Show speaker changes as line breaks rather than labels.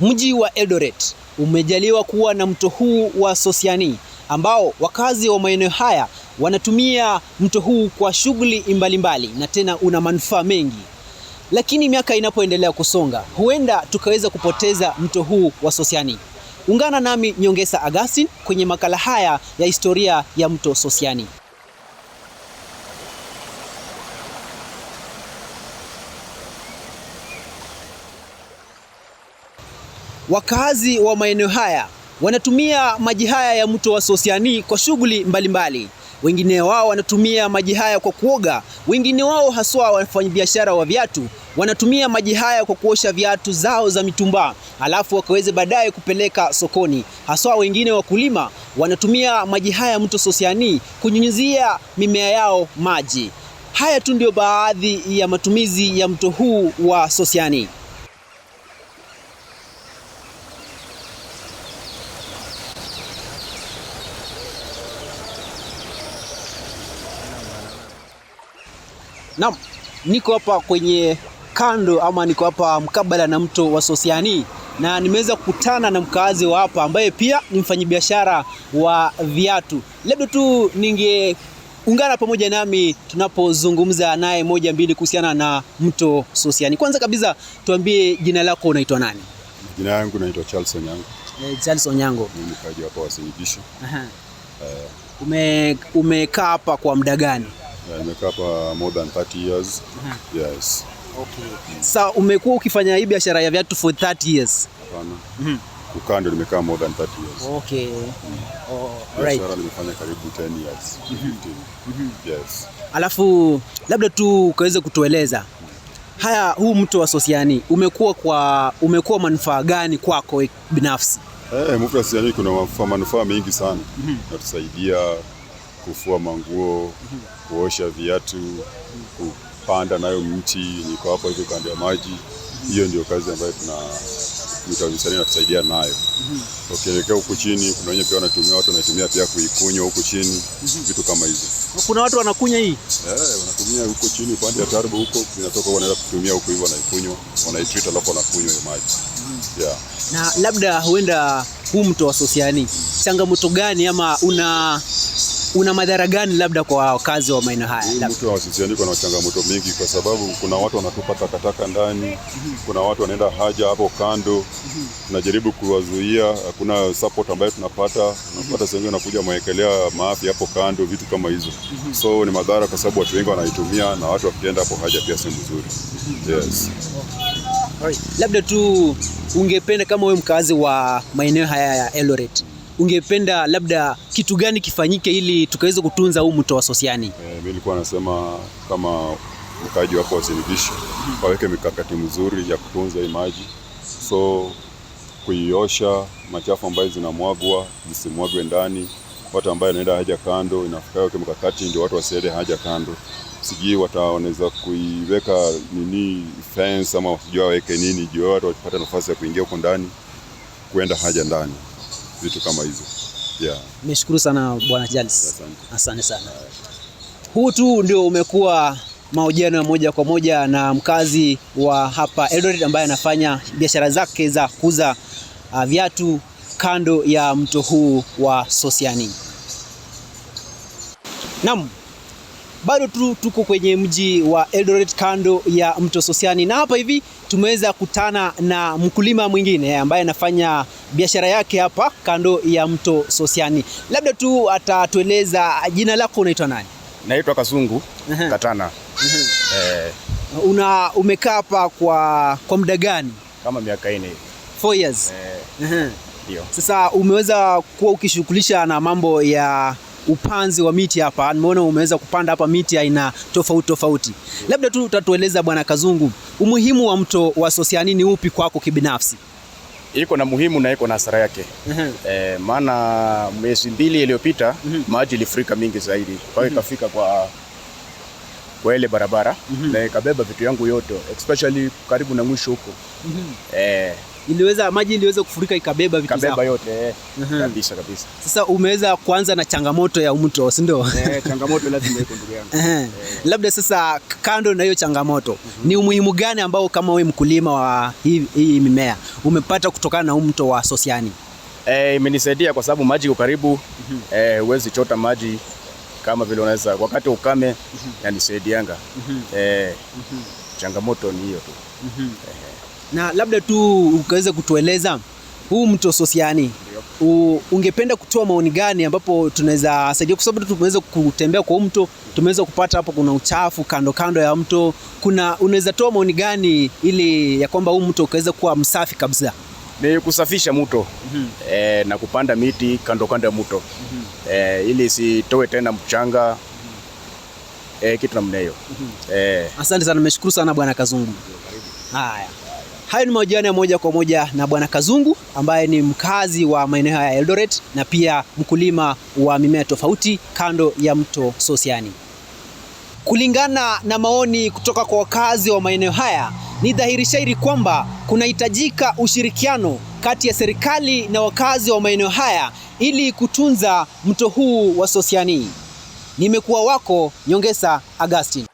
Mji wa Eldoret umejaliwa kuwa na mto huu wa Sosiani ambao wakazi wa maeneo haya wanatumia mto huu kwa shughuli mbalimbali na tena una manufaa mengi. Lakini miaka inapoendelea kusonga, huenda tukaweza kupoteza mto huu wa Sosiani. Ungana nami Nyongesa Agasin kwenye makala haya ya historia ya mto Sosiani. Wakazi wa maeneo haya wanatumia maji haya ya mto wa Sosiani kwa shughuli mbalimbali. Wengine wao wanatumia maji haya kwa kuoga, wengine wao haswa wafanyabiashara wa viatu wanatumia maji haya kwa kuosha viatu zao za mitumba, alafu wakaweze baadaye kupeleka sokoni. Haswa wengine wakulima wanatumia maji haya mto Sosiani kunyunyizia mimea yao maji. Haya tu ndio baadhi ya matumizi ya mto huu wa Sosiani. Naam, niko hapa kwenye kando ama niko hapa mkabala na mto wa Sosiani na nimeweza kukutana na mkaazi wa hapa ambaye pia ni mfanyabiashara wa viatu. Labda tu ningeungana pamoja nami tunapozungumza naye moja mbili kuhusiana na mto Sosiani. Kwanza kabisa tuambie jina lako, unaitwa nani?
Jina langu naitwa Charles Onyango.
Eh, Charles Onyango.
Mimi hapa wa Aha.
Uh, umekaa hapa kwa muda gani?
Yeah, Nimekaa hapa more than 30 years. Uh -huh. Yes. Okay.
Mm. Sasa umekuwa ukifanya hii biashara ya viatu for 30 years?
Hapana. Mhm. Kukaa ndio nimekaa more than 30 years.
Okay. Mm. Oh,
right. Biashara nimefanya karibu 10 years. Mm -hmm. Yes.
Alafu labda tu ukaweze kutueleza haya, huu mtu wa Sosiani umekuwa kwa umekuwa manufaa gani kwako binafsi?
Eh, hey, mto wa Sosiani kuna manufaa mengi sana. Mm -hmm. Natusaidia kufua manguo, kuosha viatu, kupanda nayo mti, niko hapo hivi kando ya maji. Hiyo ndio kazi ambayo tuna mitawisani natusaidia nayo. Ukielekea huku chini, kuna wenye pia wanatumia, watu wanatumia pia kuikunywa huku chini, vitu kama hizo.
Kuna watu wanakunya hii
eh, wanatumia huko chini upande ya tarbu huko, inatoka wanaweza kutumia huko hivyo, wanaikunywa, wanaitreat, alafu wanakunywa hiyo maji yeah.
Na labda huenda huu mto wa Sosiani changamoto gani ama una una madhara gani labda kwa wakazi wa maeneo haya?
Sisi wasiziandikwa na changamoto mingi, kwa sababu kuna watu wanatupa takataka ndani, kuna watu wanaenda haja hapo kando, tunajaribu kuwazuia. Hakuna support ambayo tunapata, tunapata sehemu wanakuja wamewekelea maafi hapo kando, vitu kama hizo. So ni madhara, kwa sababu watu wengi wanaitumia na watu wakienda hapo haja pia si mzuri. Yes.
Labda tu ungependa kama wewe mkazi wa maeneo haya ya Eldoret ungependa labda kitu gani kifanyike ili tukaweza kutunza huu mto wa Sosiani? E,
mimi nilikuwa nasema kama mkaaji wako wasirudishe, waweke mikakati mzuri ya kutunza hii maji, so kuiosha machafu ambayo zinamwagwa zisimwagwe ndani, watu ambayo anaenda haja kando, inafikayo mikakati ndio watu wasiende haja kando sijui wataoneza kuiweka nini fence ama sijui waweke nini juu watu wapate nafasi ya kuingia huko ndani kuenda haja ndani vitu kama hizo yeah.
Nishukuru sana Bwana Charles, asante sana. Huu tu ndio umekuwa mahojiano ya moja kwa moja na mkazi wa hapa Eldoret ambaye anafanya biashara zake za kuuza uh, viatu kando ya mto huu wa Sosiani. Naam bado tu tuko kwenye mji wa Eldoret kando ya mto Sosiani, na hapa hivi tumeweza kutana na mkulima mwingine ambaye anafanya biashara yake hapa kando ya mto Sosiani. Labda tu atatueleza jina lako, unaitwa nani?
Naitwa Kasungu Katana
Eh. Una umekaa hapa kwa, kwa muda gani?
Kama miaka nne.
Four years. Eh. Sasa umeweza kuwa ukishughulisha na mambo ya upanzi wa miti hapa, nimeona umeweza kupanda hapa miti aina tofauti tofauti. Labda tu utatueleza Bwana Kazungu, umuhimu wa mto wa Sosiani ni upi kwako kibinafsi?
Iko na muhimu na iko na hasara yake. uh -huh. E, maana miezi mbili iliyopita uh mhm. -huh. maji ilifurika mingi zaidi, kwa hiyo mhm. ikafika uh -huh. kwa kwa ile barabara mm -hmm. na ikabeba vitu yangu yote especially karibu na mwisho huko mm -hmm. e,
iliweza maji iliweza kufurika ikabeba vitu zako.
Kabeba yote. Mm-hmm. Kabisa kabisa.
Sasa umeweza kuanza na changamoto ya mto, si ndio?
Eh, changamoto lazima iko ndugu yangu.
Eh. Labda sasa kando na hiyo changamoto, mm-hmm. Ni umuhimu gani ambao kama wewe mkulima wa hii, hii mimea umepata kutokana na mto wa Sosiani?
Eh, imenisaidia kwa sababu maji iko karibu. Mm-hmm. Eh, huwezi chota maji kama vile unaweza wakati ukame. Mm-hmm. Yanisaidianga. Mm-hmm. Eh, mm-hmm. Changamoto ni hiyo tu. Mm-hmm.
Eh. Na labda tu ukaweza kutueleza huu mto Sosiani U, ungependa kutoa maoni gani ambapo tunaweza saidia, kwa sababu tumeweza kutembea kwa mto, tumeweza kupata hapo kuna uchafu kando kando ya mto. Kuna unaweza toa maoni gani ili ya kwamba huu mto ukaweza kuwa msafi kabisa?
Ni kusafisha mto mm -hmm. E, na kupanda miti kando kando ya mto mm -hmm. E, ili isitoe tena mchanga mm -hmm. E, kitu namna hiyo mm -hmm. E.
Asante sana, nimeshukuru sana Bwana Kazungu. Haya. Hayo ni mahojiano ya moja kwa moja na Bwana Kazungu ambaye ni mkazi wa maeneo ya Eldoret na pia mkulima wa mimea tofauti kando ya mto Sosiani. Kulingana na maoni kutoka kwa wakazi wa maeneo haya, ni dhahiri shairi kwamba kunahitajika ushirikiano kati ya serikali na wakazi wa maeneo haya ili kutunza mto huu wa Sosiani. Nimekuwa wako Nyongesa Agustin.